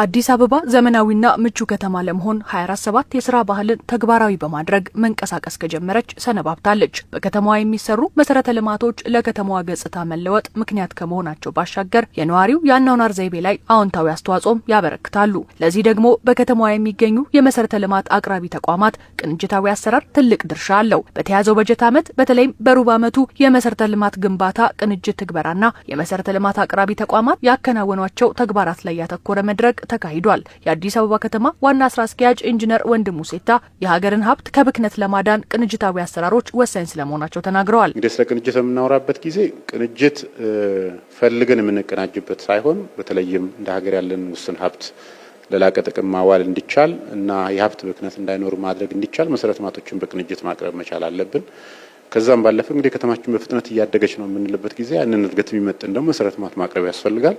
አዲስ አበባ ዘመናዊና ምቹ ከተማ ለመሆን 247 የስራ ባህልን ተግባራዊ በማድረግ መንቀሳቀስ ከጀመረች ሰነባብታለች። በከተማዋ የሚሰሩ መሰረተ ልማቶች ለከተማዋ ገጽታ መለወጥ ምክንያት ከመሆናቸው ባሻገር የነዋሪው የአኗኗር ዘይቤ ላይ አዎንታዊ አስተዋጽኦም ያበረክታሉ። ለዚህ ደግሞ በከተማዋ የሚገኙ የመሰረተ ልማት አቅራቢ ተቋማት ቅንጅታዊ አሰራር ትልቅ ድርሻ አለው። በተያዘው በጀት ዓመት በተለይም በሩብ ዓመቱ የመሰረተ ልማት ግንባታ ቅንጅት ትግበራና የመሰረተ ልማት አቅራቢ ተቋማት ያከናወኗቸው ተግባራት ላይ ያተኮረ መድረክ ተካሂዷል። የአዲስ አበባ ከተማ ዋና ስራ አስኪያጅ ኢንጂነር ወንድሙ ሴታ የሀገርን ሀብት ከብክነት ለማዳን ቅንጅታዊ አሰራሮች ወሳኝ ስለመሆናቸው ተናግረዋል። እንግዲህ ስለ ቅንጅት በምናወራበት ጊዜ ቅንጅት ፈልገን የምንቀናጅበት ሳይሆን በተለይም እንደ ሀገር ያለን ውስን ሀብት ለላቀ ጥቅም ማዋል እንዲቻል እና የሀብት ብክነት እንዳይኖር ማድረግ እንዲቻል መሰረተ ልማቶችን በቅንጅት ማቅረብ መቻል አለብን። ከዛም ባለፈ እንግዲህ ከተማችን በፍጥነት እያደገች ነው የምንልበት ጊዜ ያንን እድገት የሚመጥን ደግሞ መሰረተ ልማት ማቅረብ ያስፈልጋል።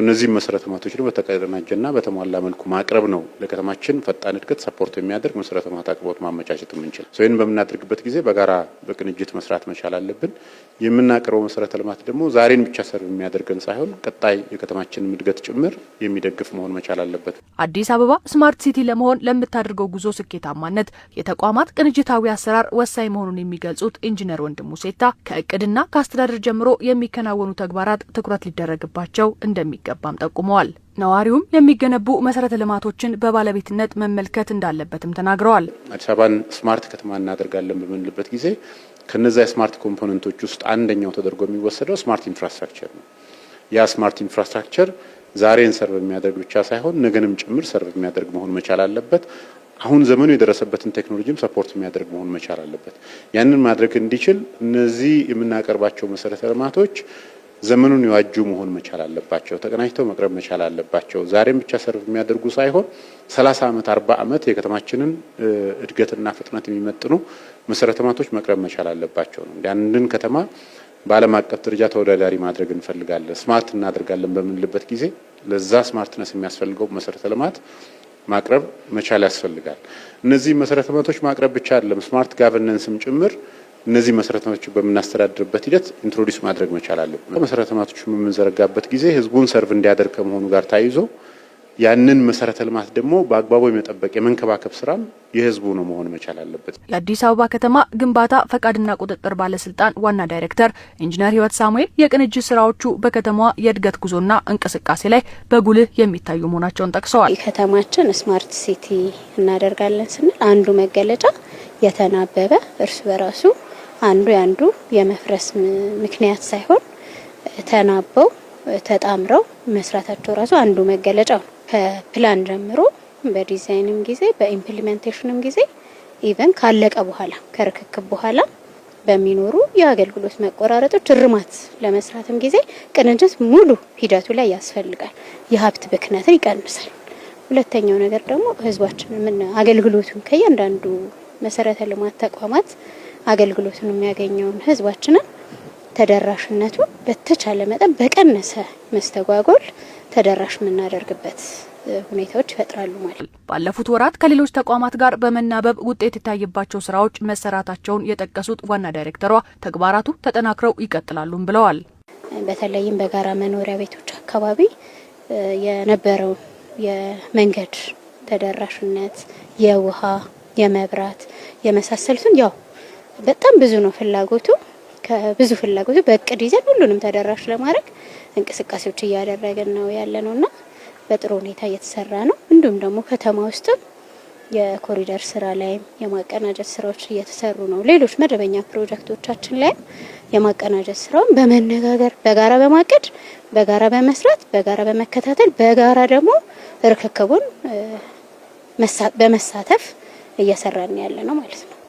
እነዚህም መሰረተ ልማቶች ደግሞ በተቀናጀና በተሟላ መልኩ ማቅረብ ነው ለከተማችን ፈጣን እድገት ሰፖርት የሚያደርግ መሰረተ ልማት አቅርቦት ማመቻቸት የምንችል። ይህን በምናደርግበት ጊዜ በጋራ በቅንጅት መስራት መቻል አለብን። የምናቀርበው መሰረተ ልማት ደግሞ ዛሬን ብቻ ሰርብ የሚያደርገን ሳይሆን ቀጣይ የከተማችን እድገት ጭምር የሚደግፍ መሆን መቻል አለበት። አዲስ አበባ ስማርት ሲቲ ለመሆን ለምታደርገው ጉዞ ስኬታማነት የተቋማት ቅንጅታዊ አሰራር ወሳኝ መሆኑን የሚገልጹት ኢንጂነር ወንድሙ ሴታ ከእቅድና ከአስተዳደር ጀምሮ የሚከናወኑ ተግባራት ትኩረት ሊደረግባቸው እንደሚገባም ጠቁመዋል። ነዋሪውም የሚገነቡ መሰረተ ልማቶችን በባለቤትነት መመልከት እንዳለበትም ተናግረዋል። አዲስ አበባን ስማርት ከተማ እናደርጋለን በምንልበት ጊዜ ከነዚ የስማርት ኮምፖነንቶች ውስጥ አንደኛው ተደርጎ የሚወሰደው ስማርት ኢንፍራስትራክቸር ነው። ያ ስማርት ኢንፍራስትራክቸር ዛሬን ሰርቭ የሚያደርግ ብቻ ሳይሆን ነገንም ጭምር ሰርቭ የሚያደርግ መሆን መቻል አለበት። አሁን ዘመኑ የደረሰበትን ቴክኖሎጂም ሰፖርት የሚያደርግ መሆን መቻል አለበት። ያንን ማድረግ እንዲችል እነዚህ የምናቀርባቸው መሰረተ ልማቶች ዘመኑን የዋጁ መሆን መቻል አለባቸው። ተቀናጅተው መቅረብ መቻል አለባቸው። ዛሬም ብቻ ሰርቭ የሚያደርጉ ሳይሆን 30 ዓመት 40 ዓመት የከተማችንን እድገትና ፍጥነት የሚመጥኑ መሰረተ ልማቶች መቅረብ መቻል አለባቸው ነው አንድን ከተማ በዓለም አቀፍ ደረጃ ተወዳዳሪ ማድረግ እንፈልጋለን፣ ስማርት እናደርጋለን በምንልበት ጊዜ ለዛ ስማርትነስ የሚያስፈልገው መሰረተ ልማት ማቅረብ መቻል ያስፈልጋል። እነዚህ መሰረተ ልማቶች ማቅረብ ብቻ አይደለም፣ ስማርት ጋቨርነንስም ጭምር እነዚህ መሰረተ ልማቶች በምናስተዳድርበት ሂደት ኢንትሮዲስ ማድረግ መቻል አለብን። መሰረተ ልማቶች በምንዘረጋበት ጊዜ ህዝቡን ሰርቭ እንዲያደርግ ከመሆኑ ጋር ተያይዞ ያንን መሰረተ ልማት ደግሞ በአግባቡ የመጠበቅ የመንከባከብ ስራም የህዝቡ ነው መሆን መቻል አለበት። የአዲስ አበባ ከተማ ግንባታ ፈቃድና ቁጥጥር ባለስልጣን ዋና ዳይሬክተር ኢንጂነር ህይወት ሳሙኤል የቅንጅት ስራዎቹ በከተማዋ የእድገት ጉዞና እንቅስቃሴ ላይ በጉልህ የሚታዩ መሆናቸውን ጠቅሰዋል። ከተማችን ስማርት ሲቲ እናደርጋለን ስንል አንዱ መገለጫ የተናበበ እርስ በራሱ አንዱ ያንዱ የመፍረስ ምክንያት ሳይሆን ተናበው ተጣምረው መስራታቸው ራሱ አንዱ መገለጫው ነው። ከፕላን ጀምሮ በዲዛይንም ጊዜ በኢምፕሊሜንቴሽንም ጊዜ ኢቨን ካለቀ በኋላ ከርክክብ በኋላ በሚኖሩ የአገልግሎት መቆራረጦች እርማት ለመስራትም ጊዜ ቅንጅት ሙሉ ሂደቱ ላይ ያስፈልጋል። የሀብት ብክነትን ይቀንሳል። ሁለተኛው ነገር ደግሞ ህዝባችን ምን አገልግሎቱን ከእያንዳንዱ መሰረተ ልማት ተቋማት አገልግሎቱን የሚያገኘውን ህዝባችንን ተደራሽነቱ በተቻለ መጠን በቀነሰ መስተጓጎል ተደራሽ የምናደርግበት ሁኔታዎች ይፈጥራሉ ማለት ነው። ባለፉት ወራት ከሌሎች ተቋማት ጋር በመናበብ ውጤት የታየባቸው ስራዎች መሰራታቸውን የጠቀሱት ዋና ዳይሬክተሯ ተግባራቱ ተጠናክረው ይቀጥላሉም ብለዋል። በተለይም በጋራ መኖሪያ ቤቶች አካባቢ የነበረው የመንገድ ተደራሽነት፣ የውሃ፣ የመብራት የመሳሰሉትን ያው በጣም ብዙ ነው ፍላጎቱ ከብዙ ፍላጎት በእቅድ ይዘን ሁሉንም ተደራሽ ለማድረግ እንቅስቃሴዎች እያደረግን ነው ያለ ነው እና በጥሩ ሁኔታ እየተሰራ ነው። እንዲሁም ደግሞ ከተማ ውስጥም የኮሪደር ስራ ላይም የማቀናጀት ስራዎች እየተሰሩ ነው። ሌሎች መደበኛ ፕሮጀክቶቻችን ላይም የማቀናጀት ስራውን በመነጋገር በጋራ በማቀድ በጋራ በመስራት በጋራ በመከታተል በጋራ ደግሞ ርክክቡን በመሳተፍ እየሰራን ያለ ነው ማለት ነው።